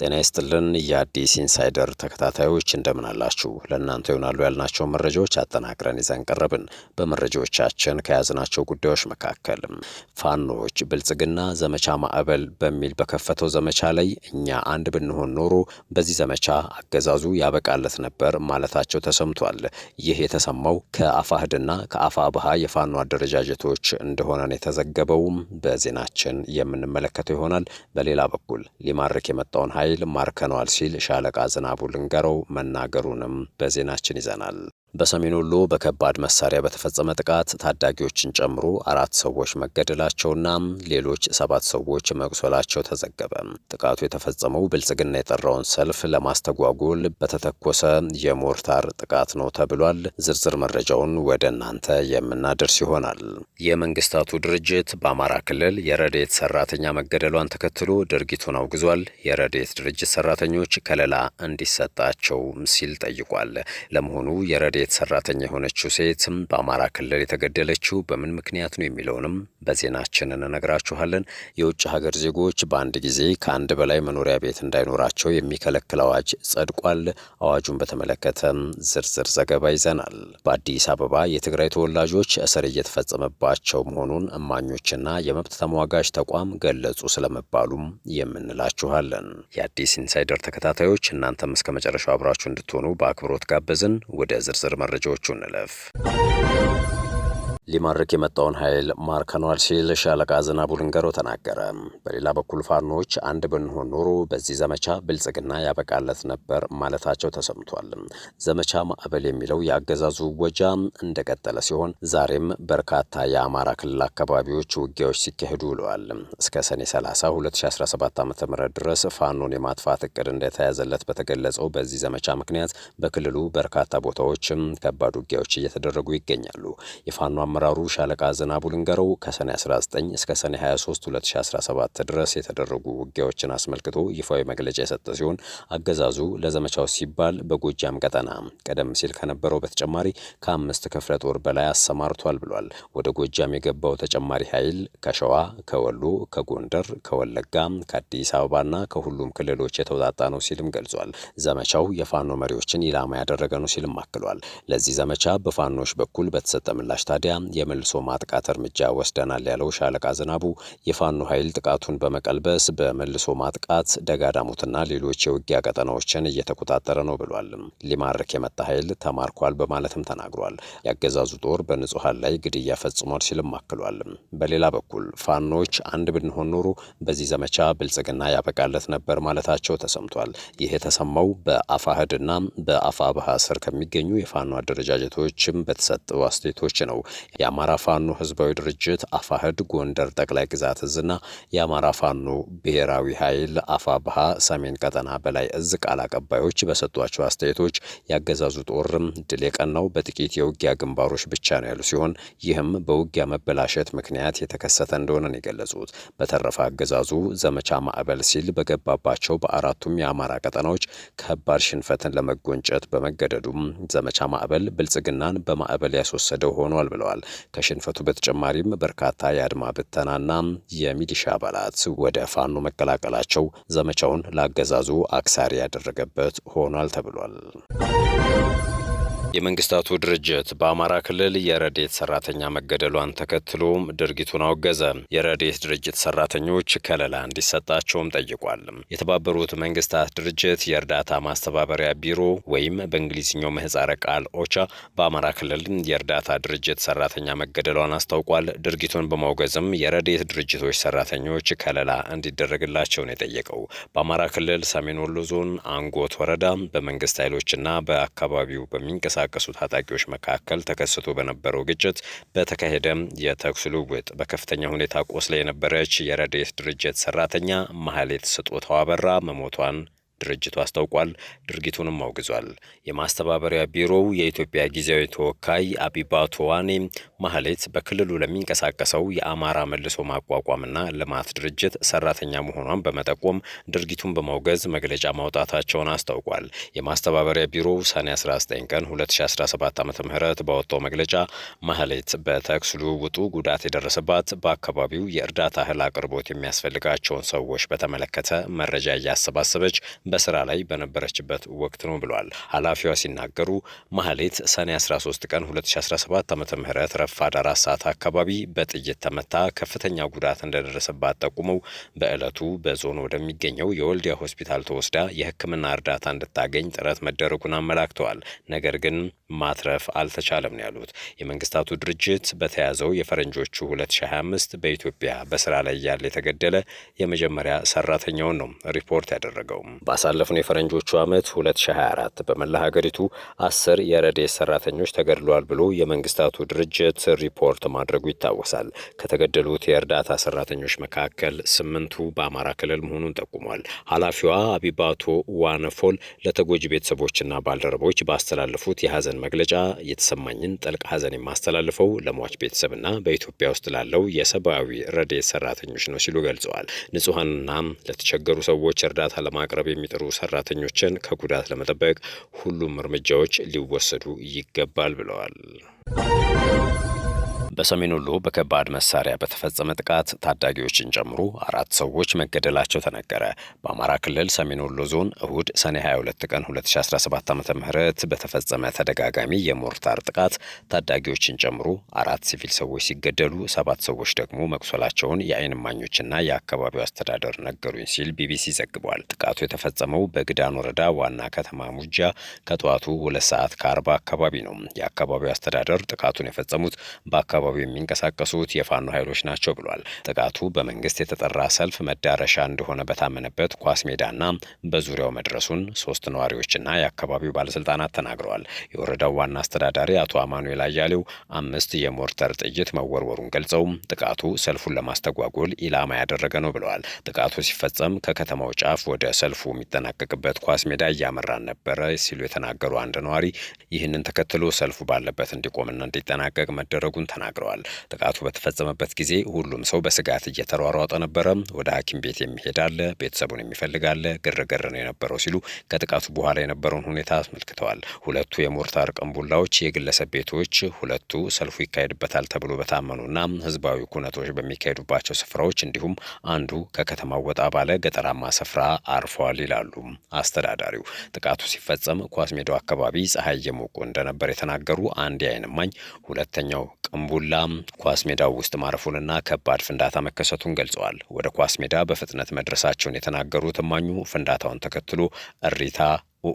ጤና ይስጥልን የአዲስ ኢንሳይደር ተከታታዮች እንደምን አላችሁ? ለእናንተ ይሆናሉ ያልናቸው መረጃዎች አጠናቅረን ይዘን ቀረብን። በመረጃዎቻችን ከያዝናቸው ጉዳዮች መካከል ፋኖች ብልጽግና ዘመቻ ማዕበል በሚል በከፈተው ዘመቻ ላይ እኛ አንድ ብንሆን ኖሮ በዚህ ዘመቻ አገዛዙ ያበቃለት ነበር ማለታቸው ተሰምቷል። ይህ የተሰማው ከአፋህድና ከአፋብሃ የፋኖ አደረጃጀቶች እንደሆነ የተዘገበውም በዜናችን የምንመለከተው ይሆናል። በሌላ በኩል ሊማርክ የመጣውን ኃይል ማርከነዋል ሲል ሻለቃ ዝናቡ ልንገረው መናገሩንም በዜናችን ይዘናል። በሰሜን ወሎ በከባድ መሳሪያ በተፈጸመ ጥቃት ታዳጊዎችን ጨምሮ አራት ሰዎች መገደላቸውና ሌሎች ሰባት ሰዎች መቁሰላቸው ተዘገበ። ጥቃቱ የተፈጸመው ብልጽግና የጠራውን ሰልፍ ለማስተጓጎል በተተኮሰ የሞርታር ጥቃት ነው ተብሏል። ዝርዝር መረጃውን ወደ እናንተ የምናደርስ ይሆናል። የመንግስታቱ ድርጅት በአማራ ክልል የረዴት ሰራተኛ መገደሏን ተከትሎ ድርጊቱን አውግዟል። የረዴት ድርጅት ሰራተኞች ከለላ እንዲሰጣቸው ሲል ጠይቋል። ለመሆኑ የረዴት ቤት ሰራተኛ የሆነችው ሴትም በአማራ ክልል የተገደለችው በምን ምክንያት ነው የሚለውንም በዜናችን እንነግራችኋለን። የውጭ ሀገር ዜጎች በአንድ ጊዜ ከአንድ በላይ መኖሪያ ቤት እንዳይኖራቸው የሚከለክል አዋጅ ጸድቋል። አዋጁን በተመለከተም ዝርዝር ዘገባ ይዘናል። በአዲስ አበባ የትግራይ ተወላጆች እስር እየተፈጸመባቸው መሆኑን እማኞችና የመብት ተሟጋች ተቋም ገለጹ ስለመባሉም የምንላችኋለን። የአዲስ ኢንሳይደር ተከታታዮች እናንተም እስከ መጨረሻው አብራችሁ እንድትሆኑ በአክብሮት ጋበዝን። ወደ ዝርዝር ዝርዝር መረጃዎቹ እንለፍ። ሊማርክ የመጣውን ኃይል ማርከኗል ሲል ሻለቃ ዝናቡ ልንገሮ ተናገረ። በሌላ በኩል ፋኖች አንድ ብንሆን ኖሮ በዚህ ዘመቻ ብልጽግና ያበቃለት ነበር ማለታቸው ተሰምቷል። ዘመቻ ማዕበል የሚለው የአገዛዙ ወጃ እንደቀጠለ ሲሆን ዛሬም በርካታ የአማራ ክልል አካባቢዎች ውጊያዎች ሲካሄዱ ውለዋል። እስከ ሰኔ 30 2017 ዓ ም ድረስ ፋኖን የማጥፋት እቅድ እንደተያዘለት በተገለጸው በዚህ ዘመቻ ምክንያት በክልሉ በርካታ ቦታዎችም ከባድ ውጊያዎች እየተደረጉ ይገኛሉ። የፋኖ አመራሩ ሻለቃ ዝናቡ ልንገረው ከሰኔ 19 እስከ ሰኔ 23 2017 ድረስ የተደረጉ ውጊያዎችን አስመልክቶ ይፋዊ መግለጫ የሰጠ ሲሆን አገዛዙ ለዘመቻው ሲባል በጎጃም ቀጠና ቀደም ሲል ከነበረው በተጨማሪ ከአምስት ክፍለ ጦር በላይ አሰማርቷል ብሏል። ወደ ጎጃም የገባው ተጨማሪ ኃይል ከሸዋ፣ ከወሎ፣ ከጎንደር፣ ከወለጋ፣ ከአዲስ አበባና ከሁሉም ክልሎች የተውጣጣ ነው ሲልም ገልጿል። ዘመቻው የፋኖ መሪዎችን ኢላማ ያደረገ ነው ሲልም አክሏል። ለዚህ ዘመቻ በፋኖች በኩል በተሰጠ ምላሽ ታዲያ የመልሶ ማጥቃት እርምጃ ወስደናል ያለው ሻለቃ ዝናቡ የፋኖ ኃይል ጥቃቱን በመቀልበስ በመልሶ ማጥቃት ደጋዳሙትና ሌሎች የውጊያ ቀጠናዎችን እየተቆጣጠረ ነው ብሏል። ሊማርክ የመጣ ኃይል ተማርኳል በማለትም ተናግሯል። ያገዛዙ ጦር በንጹሐን ላይ ግድያ ፈጽሟል ሲልም አክሏል። በሌላ በኩል ፋኖች አንድ ብንሆን ኖሮ በዚህ ዘመቻ ብልጽግና ያበቃለት ነበር ማለታቸው ተሰምቷል። ይህ የተሰማው በአፋህድና ባህ ስር ከሚገኙ የፋኖ አደረጃጀቶችም በተሰጡ አስተያየቶች ነው። የአማራ ፋኖ ህዝባዊ ድርጅት አፋህድ ጎንደር ጠቅላይ ግዛት እዝና የአማራ ፋኖ ብሔራዊ ኃይል አፋብሃ ሰሜን ቀጠና በላይ እዝ ቃል አቀባዮች በሰጧቸው አስተያየቶች ያገዛዙ ጦርም ድል የቀናው በጥቂት የውጊያ ግንባሮች ብቻ ነው ያሉ ሲሆን ይህም በውጊያ መበላሸት ምክንያት የተከሰተ እንደሆነ ነው የገለጹት። በተረፈ አገዛዙ ዘመቻ ማዕበል ሲል በገባባቸው በአራቱም የአማራ ቀጠናዎች ከባድ ሽንፈትን ለመጎንጨት በመገደዱም ዘመቻ ማዕበል ብልጽግናን በማዕበል ያስወሰደው ሆኗል ብለዋል። ተናግረዋል። ከሽንፈቱ በተጨማሪም በርካታ የአድማ ብተናና የሚሊሻ አባላት ወደ ፋኖ መቀላቀላቸው ዘመቻውን ላገዛዙ አክሳሪ ያደረገበት ሆኗል ተብሏል። የመንግስታቱ ድርጅት በአማራ ክልል የረዴት ሰራተኛ መገደሏን ተከትሎም ድርጊቱን አወገዘ። የረዴት ድርጅት ሰራተኞች ከለላ እንዲሰጣቸውም ጠይቋል። የተባበሩት መንግስታት ድርጅት የእርዳታ ማስተባበሪያ ቢሮ ወይም በእንግሊዝኛው ምህፃረ ቃል ኦቻ በአማራ ክልል የእርዳታ ድርጅት ሰራተኛ መገደሏን አስታውቋል። ድርጊቱን በማውገዝም የረዴት ድርጅቶች ሰራተኞች ከለላ እንዲደረግላቸውን የጠየቀው በአማራ ክልል ሰሜን ወሎ ዞን አንጎት ወረዳ በመንግስት ኃይሎችና በአካባቢው በሚንቀሳ ከሚንቀሳቀሱ ታጣቂዎች መካከል ተከስቶ በነበረው ግጭት በተካሄደ የተኩስ ልውውጥ በከፍተኛ ሁኔታ ቆስላ የነበረች የረድኤት ድርጅት ሰራተኛ ማህሌት ስጦታው አበራ መሞቷን ድርጅቱ አስታውቋል። ድርጊቱንም አውግዟል። የማስተባበሪያ ቢሮው የኢትዮጵያ ጊዜያዊ ተወካይ አቢባቶዋኔ ማህሌት በክልሉ ለሚንቀሳቀሰው የአማራ መልሶ ማቋቋምና ልማት ድርጅት ሰራተኛ መሆኗን በመጠቆም ድርጊቱን በማውገዝ መግለጫ ማውጣታቸውን አስታውቋል። የማስተባበሪያ ቢሮው ሰኔ 19 ቀን 2017 ዓ ም ባወጣው መግለጫ ማህሌት በተኩስ ልውውጡ ጉዳት የደረሰባት በአካባቢው የእርዳታ እህል አቅርቦት የሚያስፈልጋቸውን ሰዎች በተመለከተ መረጃ እያሰባሰበች በስራ ላይ በነበረችበት ወቅት ነው ብሏል። ኃላፊዋ ሲናገሩ ማህሌት ሰኔ 13 ቀን 2017 ዓ ም ረፋድ አራት ሰዓት አካባቢ በጥይት ተመታ ከፍተኛ ጉዳት እንደደረሰባት ጠቁመው በዕለቱ በዞን ወደሚገኘው የወልዲያ ሆስፒታል ተወስዳ የሕክምና እርዳታ እንድታገኝ ጥረት መደረጉን አመላክተዋል። ነገር ግን ማትረፍ አልተቻለም ነው ያሉት። የመንግስታቱ ድርጅት በተያዘው የፈረንጆቹ 2025 በኢትዮጵያ በስራ ላይ ያለ የተገደለ የመጀመሪያ ሰራተኛውን ነው ሪፖርት ያደረገው። ባሳለፍነው የፈረንጆቹ ዓመት 2024 በመላ ሀገሪቱ አስር የረድኤት ሰራተኞች ተገድለዋል ብሎ የመንግስታቱ ድርጅት ሪፖርት ማድረጉ ይታወሳል። ከተገደሉት የእርዳታ ሰራተኞች መካከል ስምንቱ በአማራ ክልል መሆኑን ጠቁሟል። ኃላፊዋ አቢባቶ ዋነፎል ለተጎጂ ቤተሰቦችና ባልደረቦች ባስተላለፉት የሀዘን መግለጫ የተሰማኝን ጥልቅ ሀዘን የማስተላልፈው ለሟች ቤተሰብና በኢትዮጵያ ውስጥ ላለው የሰብአዊ ረድኤት ሰራተኞች ነው ሲሉ ገልጸዋል። ንጹሐንና ለተቸገሩ ሰዎች እርዳታ ለማቅረብ የሚ የሚጥሩ ሰራተኞችን ከጉዳት ለመጠበቅ ሁሉም እርምጃዎች ሊወሰዱ ይገባል ብለዋል። በሰሜን ወሎ በከባድ መሳሪያ በተፈጸመ ጥቃት ታዳጊዎችን ጨምሮ አራት ሰዎች መገደላቸው ተነገረ። በአማራ ክልል ሰሜን ወሎ ዞን እሁድ ሰኔ 22 ቀን 2017 ዓ ም በተፈጸመ ተደጋጋሚ የሞርታር ጥቃት ታዳጊዎችን ጨምሮ አራት ሲቪል ሰዎች ሲገደሉ ሰባት ሰዎች ደግሞ መቁሰላቸውን የአይን እማኞችና የአካባቢው አስተዳደር ነገሩኝ ሲል ቢቢሲ ዘግቧል። ጥቃቱ የተፈጸመው በግዳን ወረዳ ዋና ከተማ ሙጃ ከጠዋቱ ሁለት ሰዓት ከአርባ አካባቢ ነው። የአካባቢው አስተዳደር ጥቃቱን የፈጸሙት በአካባቢ በአካባቢው የሚንቀሳቀሱት የፋኖ ኃይሎች ናቸው ብሏል። ጥቃቱ በመንግስት የተጠራ ሰልፍ መዳረሻ እንደሆነ በታመነበት ኳስ ሜዳና በዙሪያው መድረሱን ሶስት ነዋሪዎችና የአካባቢው ባለስልጣናት ተናግረዋል። የወረዳው ዋና አስተዳዳሪ አቶ አማኑኤል አያሌው አምስት የሞርተር ጥይት መወርወሩን ገልጸው ጥቃቱ ሰልፉን ለማስተጓጎል ኢላማ ያደረገ ነው ብለዋል። ጥቃቱ ሲፈጸም ከከተማው ጫፍ ወደ ሰልፉ የሚጠናቀቅበት ኳስ ሜዳ እያመራን ነበረ ሲሉ የተናገሩ አንድ ነዋሪ ይህንን ተከትሎ ሰልፉ ባለበት እንዲቆምና እንዲጠናቀቅ መደረጉን ተናግረዋል። ተናግረዋል። ጥቃቱ በተፈጸመበት ጊዜ ሁሉም ሰው በስጋት እየተሯሯጠ ነበረ። ወደ ሐኪም ቤት የሚሄድ አለ፣ ቤተሰቡን የሚፈልግ አለ። ግርግር ነው የነበረው ሲሉ ከጥቃቱ በኋላ የነበረውን ሁኔታ አስመልክተዋል። ሁለቱ የሞርታር ቀንቡላዎች የግለሰብ ቤቶች ሁለቱ ሰልፉ ይካሄድበታል ተብሎ በታመኑና ህዝባዊ ኩነቶች በሚካሄዱባቸው ስፍራዎች እንዲሁም አንዱ ከከተማው ወጣ ባለ ገጠራማ ስፍራ አርፏል ይላሉ አስተዳዳሪው። ጥቃቱ ሲፈጸም ኳስ ሜዳው አካባቢ ፀሐይ እየሞቁ እንደነበር የተናገሩ አንድ የአይን እማኝ ሁለተኛው ቀንቡላ ዱላ ኳስ ሜዳው ውስጥ ማረፉንና ከባድ ፍንዳታ መከሰቱን ገልጸዋል። ወደ ኳስ ሜዳ በፍጥነት መድረሳቸውን የተናገሩት እማኙ ፍንዳታውን ተከትሎ እሪታ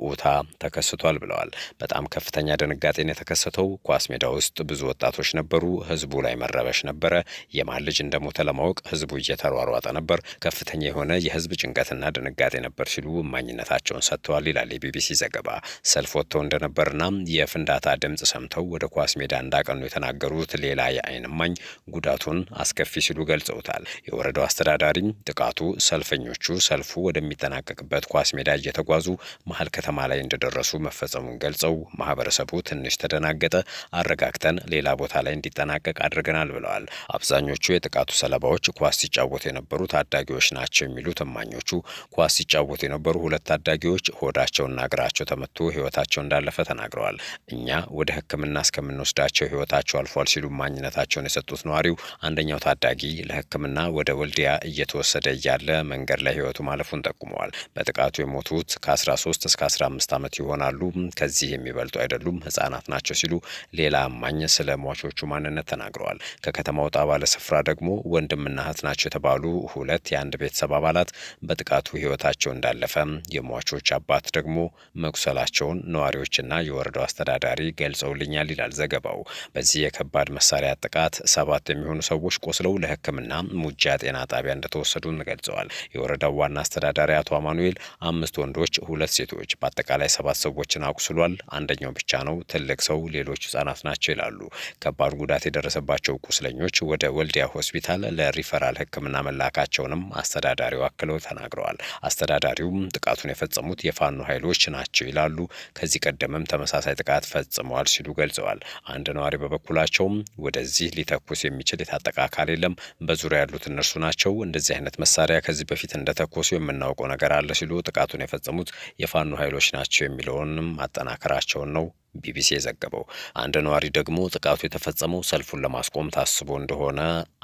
ውዑታ ተከስቷል ብለዋል። በጣም ከፍተኛ ድንጋጤን የተከሰተው ኳስ ሜዳ ውስጥ ብዙ ወጣቶች ነበሩ። ህዝቡ ላይ መረበሽ ነበረ። የማን ልጅ እንደሞተ ለማወቅ ህዝቡ እየተሯሯጠ ነበር። ከፍተኛ የሆነ የህዝብ ጭንቀትና ድንጋጤ ነበር ሲሉ እማኝነታቸውን ሰጥተዋል ይላል የቢቢሲ ዘገባ። ሰልፍ ወጥተው እንደነበርና የፍንዳታ ድምፅ ሰምተው ወደ ኳስ ሜዳ እንዳቀኑ የተናገሩት ሌላ የአይን እማኝ ጉዳቱን አስከፊ ሲሉ ገልጸውታል። የወረዳው አስተዳዳሪም ጥቃቱ ሰልፈኞቹ ሰልፉ ወደሚጠናቀቅበት ኳስ ሜዳ እየተጓዙ መሀል ከተማ ላይ እንደደረሱ መፈጸሙን ገልጸው ማህበረሰቡ ትንሽ ተደናገጠ፣ አረጋግተን ሌላ ቦታ ላይ እንዲጠናቀቅ አድርገናል ብለዋል። አብዛኞቹ የጥቃቱ ሰለባዎች ኳስ ሲጫወቱ የነበሩ ታዳጊዎች ናቸው የሚሉት እማኞቹ ኳስ ሲጫወቱ የነበሩ ሁለት ታዳጊዎች ሆዳቸውና እግራቸው ተመቶ ህይወታቸው እንዳለፈ ተናግረዋል። እኛ ወደ ሕክምና እስከምንወስዳቸው ህይወታቸው አልፏል ሲሉ እማኝነታቸውን የሰጡት ነዋሪው አንደኛው ታዳጊ ለሕክምና ወደ ወልዲያ እየተወሰደ እያለ መንገድ ላይ ህይወቱ ማለፉን ጠቁመዋል። በጥቃቱ የሞቱት ከ13 እስከ እስከ 15 ዓመት ይሆናሉ፣ ከዚህ የሚበልጡ አይደሉም፣ ህጻናት ናቸው ሲሉ ሌላ አማኝ ስለ ሟቾቹ ማንነት ተናግረዋል። ከከተማ ወጣ ባለ ስፍራ ደግሞ ወንድምና እህት ናቸው የተባሉ ሁለት የአንድ ቤተሰብ አባላት በጥቃቱ ህይወታቸው እንዳለፈ የሟቾች አባት ደግሞ መቁሰላቸውን ነዋሪዎችና የወረዳው አስተዳዳሪ ገልጸውልኛል ይላል ዘገባው። በዚህ የከባድ መሳሪያ ጥቃት ሰባት የሚሆኑ ሰዎች ቆስለው ለህክምና ሙጃ ጤና ጣቢያ እንደተወሰዱን ገልጸዋል። የወረዳው ዋና አስተዳዳሪ አቶ አማኑኤል አምስት ወንዶች፣ ሁለት ሴቶች ሰዎች በአጠቃላይ ሰባት ሰዎችን አቁስሏል። አንደኛው ብቻ ነው ትልቅ ሰው፣ ሌሎች ህጻናት ናቸው ይላሉ። ከባድ ጉዳት የደረሰባቸው ቁስለኞች ወደ ወልዲያ ሆስፒታል ለሪፈራል ህክምና መላካቸውንም አስተዳዳሪው አክለው ተናግረዋል። አስተዳዳሪውም ጥቃቱን የፈጸሙት የፋኖ ኃይሎች ናቸው ይላሉ። ከዚህ ቀደምም ተመሳሳይ ጥቃት ፈጽመዋል ሲሉ ገልጸዋል። አንድ ነዋሪ በበኩላቸውም ወደዚህ ሊተኩስ የሚችል የታጠቀ አካል የለም፣ በዙሪያ ያሉት እነርሱ ናቸው። እንደዚህ አይነት መሳሪያ ከዚህ በፊት እንደተኮሱ የምናውቀው ነገር አለ ሲሉ ጥቃቱን የፈጸሙት የፋኖ ኃይሎች ናቸው የሚለውንም ማጠናከራቸውን ነው ቢቢሲ የዘገበው። አንድ ነዋሪ ደግሞ ጥቃቱ የተፈጸመው ሰልፉን ለማስቆም ታስቦ እንደሆነ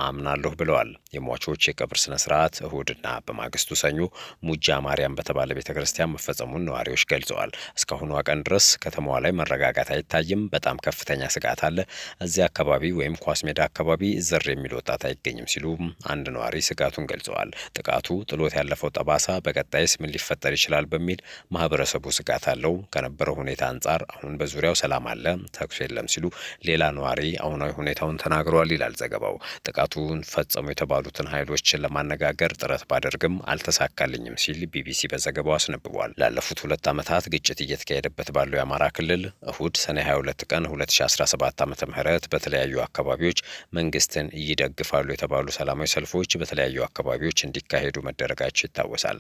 አምናለሁ ብለዋል። የሟቾች የቀብር ስነ ስርዓት እሁድና በማግስቱ ሰኞ ሙጃ ማርያም በተባለ ቤተ ክርስቲያን መፈጸሙን ነዋሪዎች ገልጸዋል። እስካሁኗ ቀን ድረስ ከተማዋ ላይ መረጋጋት አይታይም። በጣም ከፍተኛ ስጋት አለ። እዚህ አካባቢ ወይም ኳስ ሜዳ አካባቢ ዘር የሚል ወጣት አይገኝም ሲሉ አንድ ነዋሪ ስጋቱን ገልጸዋል። ጥቃቱ ጥሎት ያለፈው ጠባሳ በቀጣይስ ምን ሊፈጠር ይችላል በሚል ማህበረሰቡ ስጋት አለው። ከነበረው ሁኔታ አንጻር አሁን በዙ ዙሪያው ሰላም አለ፣ ተኩስ የለም ሲሉ ሌላ ነዋሪ አሁናዊ ሁኔታውን ተናግረዋል ይላል ዘገባው። ጥቃቱን ፈጸሙ የተባሉትን ኃይሎችን ለማነጋገር ጥረት ባደርግም አልተሳካልኝም ሲል ቢቢሲ በዘገባው አስነብቧል። ላለፉት ሁለት ዓመታት ግጭት እየተካሄደበት ባለው የአማራ ክልል እሁድ ሰኔ 22 ቀን 2017 ዓ ም በተለያዩ አካባቢዎች መንግስትን ይደግፋሉ የተባሉ ሰላማዊ ሰልፎች በተለያዩ አካባቢዎች እንዲካሄዱ መደረጋቸው ይታወሳል።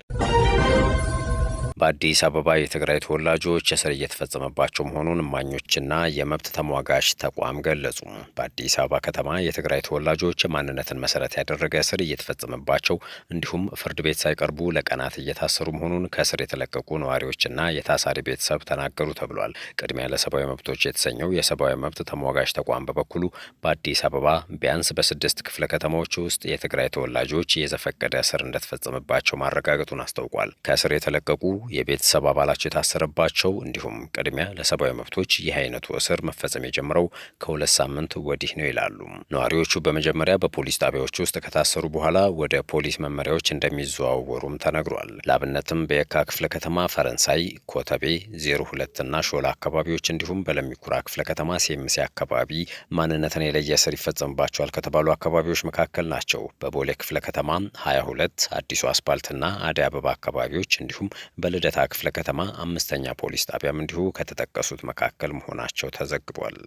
በአዲስ አበባ የትግራይ ተወላጆች እስር እየተፈጸመባቸው መሆኑን እማኞችና የመብት ተሟጋች ተቋም ገለጹ። በአዲስ አበባ ከተማ የትግራይ ተወላጆች ማንነትን መሰረት ያደረገ እስር እየተፈጸመባቸው እንዲሁም ፍርድ ቤት ሳይቀርቡ ለቀናት እየታሰሩ መሆኑን ከእስር የተለቀቁ ነዋሪዎችና የታሳሪ ቤተሰብ ተናገሩ ተብሏል። ቅድሚያ ለሰብአዊ መብቶች የተሰኘው የሰብአዊ መብት ተሟጋች ተቋም በበኩሉ በአዲስ አበባ ቢያንስ በስድስት ክፍለ ከተማዎች ውስጥ የትግራይ ተወላጆች የዘፈቀደ እስር እንደተፈጸመባቸው ማረጋገጡን አስታውቋል። ከእስር የተለቀቁ የቤተሰብ አባላቸው የታሰረባቸው እንዲሁም ቅድሚያ ለሰብአዊ መብቶች ይህ አይነቱ እስር መፈጸም የጀመረው ከሁለት ሳምንት ወዲህ ነው ይላሉ ነዋሪዎቹ። በመጀመሪያ በፖሊስ ጣቢያዎች ውስጥ ከታሰሩ በኋላ ወደ ፖሊስ መመሪያዎች እንደሚዘዋወሩም ተነግሯል። ለአብነትም በየካ ክፍለ ከተማ ፈረንሳይ፣ ኮተቤ 02 እና ሾላ አካባቢዎች እንዲሁም በለሚኩራ ክፍለ ከተማ ሴምሴ አካባቢ ማንነትን የለየ እስር ይፈጸምባቸዋል ከተባሉ አካባቢዎች መካከል ናቸው። በቦሌ ክፍለ ከተማ 22 አዲሱ አስፓልትና አደይ አበባ አካባቢዎች እንዲሁም በ ልደታ ክፍለ ከተማ አምስተኛ ፖሊስ ጣቢያም እንዲሁ ከተጠቀሱት መካከል መሆናቸው ተዘግቧል።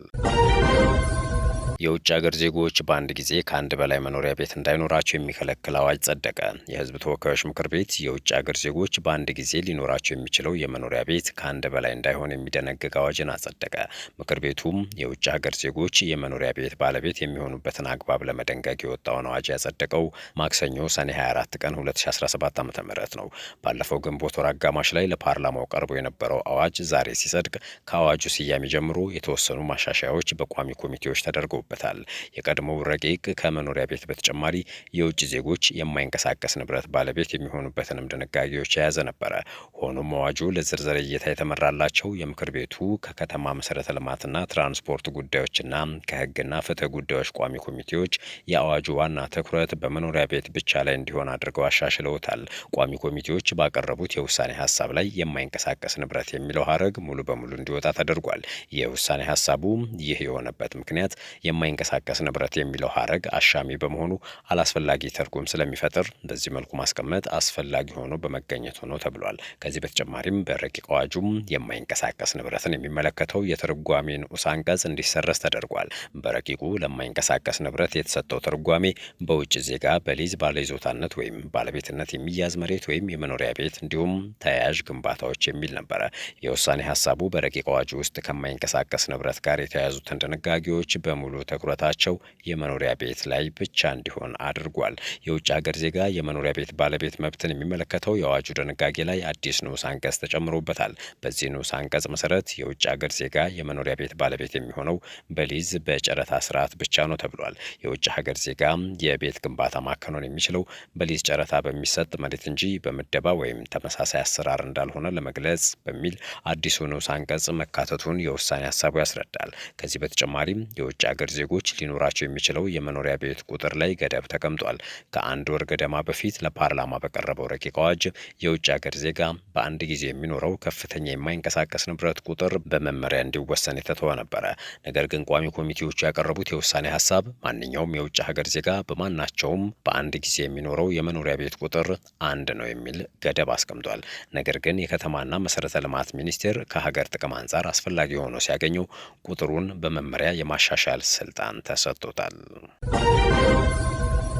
የውጭ ሀገር ዜጎች በአንድ ጊዜ ከአንድ በላይ መኖሪያ ቤት እንዳይኖራቸው የሚከለክል አዋጅ ጸደቀ። የህዝብ ተወካዮች ምክር ቤት የውጭ ሀገር ዜጎች በአንድ ጊዜ ሊኖራቸው የሚችለው የመኖሪያ ቤት ከአንድ በላይ እንዳይሆን የሚደነግግ አዋጅን አጸደቀ። ምክር ቤቱም የውጭ ሀገር ዜጎች የመኖሪያ ቤት ባለቤት የሚሆኑበትን አግባብ ለመደንገግ የወጣውን አዋጅ ያጸደቀው ማክሰኞ ሰኔ 24 ቀን 2017 ዓ ም ነው። ባለፈው ግንቦት ወር አጋማሽ ላይ ለፓርላማው ቀርቦ የነበረው አዋጅ ዛሬ ሲጸድቅ ከአዋጁ ስያሜ ጀምሮ የተወሰኑ ማሻሻያዎች በቋሚ ኮሚቴዎች ተደርገው ይገኙበታል። የቀድሞው ረቂቅ ከመኖሪያ ቤት በተጨማሪ የውጭ ዜጎች የማይንቀሳቀስ ንብረት ባለቤት የሚሆኑበትንም ድንጋጌዎች የያዘ ነበረ። ሆኖም አዋጁ ለዝርዝር እይታ የተመራላቸው የምክር ቤቱ ከከተማ መሰረተ ልማትና ትራንስፖርት ጉዳዮችና ከህግና ፍትህ ጉዳዮች ቋሚ ኮሚቴዎች የአዋጁ ዋና ትኩረት በመኖሪያ ቤት ብቻ ላይ እንዲሆን አድርገው አሻሽለውታል። ቋሚ ኮሚቴዎች ባቀረቡት የውሳኔ ሀሳብ ላይ የማይንቀሳቀስ ንብረት የሚለው ሀረግ ሙሉ በሙሉ እንዲወጣ ተደርጓል። የውሳኔ ሀሳቡ ይህ የሆነበት ምክንያት የማይንቀሳቀስ ንብረት የሚለው ሀረግ አሻሚ በመሆኑ አላስፈላጊ ትርጉም ስለሚፈጥር በዚህ መልኩ ማስቀመጥ አስፈላጊ ሆኖ በመገኘት ሆኖ ተብሏል። ከዚህ በተጨማሪም በረቂቅ አዋጁም የማይንቀሳቀስ ንብረትን የሚመለከተው የትርጓሜ ንዑስ አንቀጽ እንዲሰረዝ ተደርጓል። በረቂቁ ለማይንቀሳቀስ ንብረት የተሰጠው ትርጓሜ በውጭ ዜጋ በሊዝ ባለይዞታነት ወይም ባለቤትነት የሚያዝ መሬት ወይም የመኖሪያ ቤት እንዲሁም ተያያዥ ግንባታዎች የሚል ነበረ። የውሳኔ ሀሳቡ በረቂቅ አዋጁ ውስጥ ከማይንቀሳቀስ ንብረት ጋር የተያያዙትን ድንጋጌዎች በሙሉ ትኩረታቸው የመኖሪያ ቤት ላይ ብቻ እንዲሆን አድርጓል። የውጭ ሀገር ዜጋ የመኖሪያ ቤት ባለቤት መብትን የሚመለከተው የአዋጁ ድንጋጌ ላይ አዲስ ንዑስ አንቀጽ ተጨምሮበታል። በዚህ ንዑስ አንቀጽ መሰረት የውጭ ሀገር ዜጋ የመኖሪያ ቤት ባለቤት የሚሆነው በሊዝ በጨረታ ስርዓት ብቻ ነው ተብሏል። የውጭ ሀገር ዜጋ የቤት ግንባታ ማከናወን የሚችለው በሊዝ ጨረታ በሚሰጥ መሬት እንጂ በምደባ ወይም ተመሳሳይ አሰራር እንዳልሆነ ለመግለጽ በሚል አዲሱ ንዑስ አንቀጽ መካተቱን የውሳኔ ሀሳቡ ያስረዳል። ከዚህ በተጨማሪም የውጭ ሀገር የሚወለድ ዜጎች ሊኖራቸው የሚችለው የመኖሪያ ቤት ቁጥር ላይ ገደብ ተቀምጧል። ከአንድ ወር ገደማ በፊት ለፓርላማ በቀረበው ረቂቅ አዋጅ የውጭ ሀገር ዜጋ በአንድ ጊዜ የሚኖረው ከፍተኛ የማይንቀሳቀስ ንብረት ቁጥር በመመሪያ እንዲወሰን የተተወ ነበረ። ነገር ግን ቋሚ ኮሚቴዎቹ ያቀረቡት የውሳኔ ሀሳብ ማንኛውም የውጭ ሀገር ዜጋ በማናቸውም በአንድ ጊዜ የሚኖረው የመኖሪያ ቤት ቁጥር አንድ ነው የሚል ገደብ አስቀምጧል። ነገር ግን የከተማና መሰረተ ልማት ሚኒስቴር ከሀገር ጥቅም አንጻር አስፈላጊ ሆኖ ሲያገኘው ቁጥሩን በመመሪያ የማሻሻል ስልጣን ተሰጥቶታል።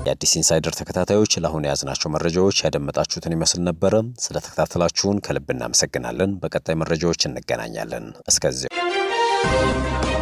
የአዲስ ኢንሳይደር ተከታታዮች ለአሁን የያዝናቸው መረጃዎች ያደመጣችሁትን ይመስል ነበረ። ስለተከታተላችሁን ከልብ እናመሰግናለን። በቀጣይ መረጃዎች እንገናኛለን። እስከዚያው